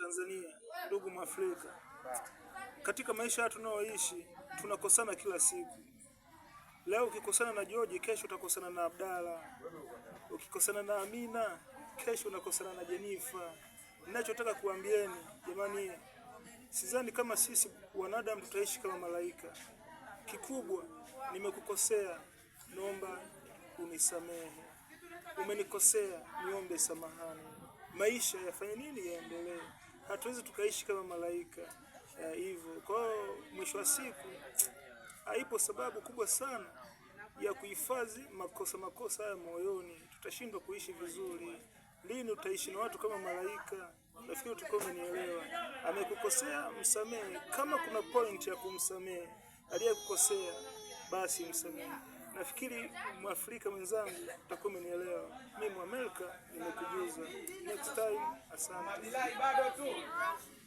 Tanzania, ndugu Mwafrika, katika maisha tunayoishi tunakosana kila siku. Leo ukikosana na George, kesho utakosana na abdala Ukikosana na Amina, kesho unakosana na Jenifa. Ninachotaka kuambieni jamani, sidhani kama sisi wanadamu tutaishi kama malaika. Kikubwa nimekukosea, naomba unisamehe. Umenikosea, niombe samahani. Maisha yafanye nini? Yaendelee hatuwezi tukaishi kama malaika hivyo. kwa hiyo mwisho wa siku haipo sababu kubwa sana ya kuhifadhi makosa makosa haya moyoni, tutashindwa kuishi vizuri. Lini utaishi na watu kama malaika? Nafikiri tuko umenielewa. Amekukosea, msamehe. Kama kuna point ya kumsamehe aliyekukosea, basi msamehe. Nafikiri Mwafrika mwenzangu utakuwa umenielewa. Mimi Mwamerika nimekujuza. Next time, asante.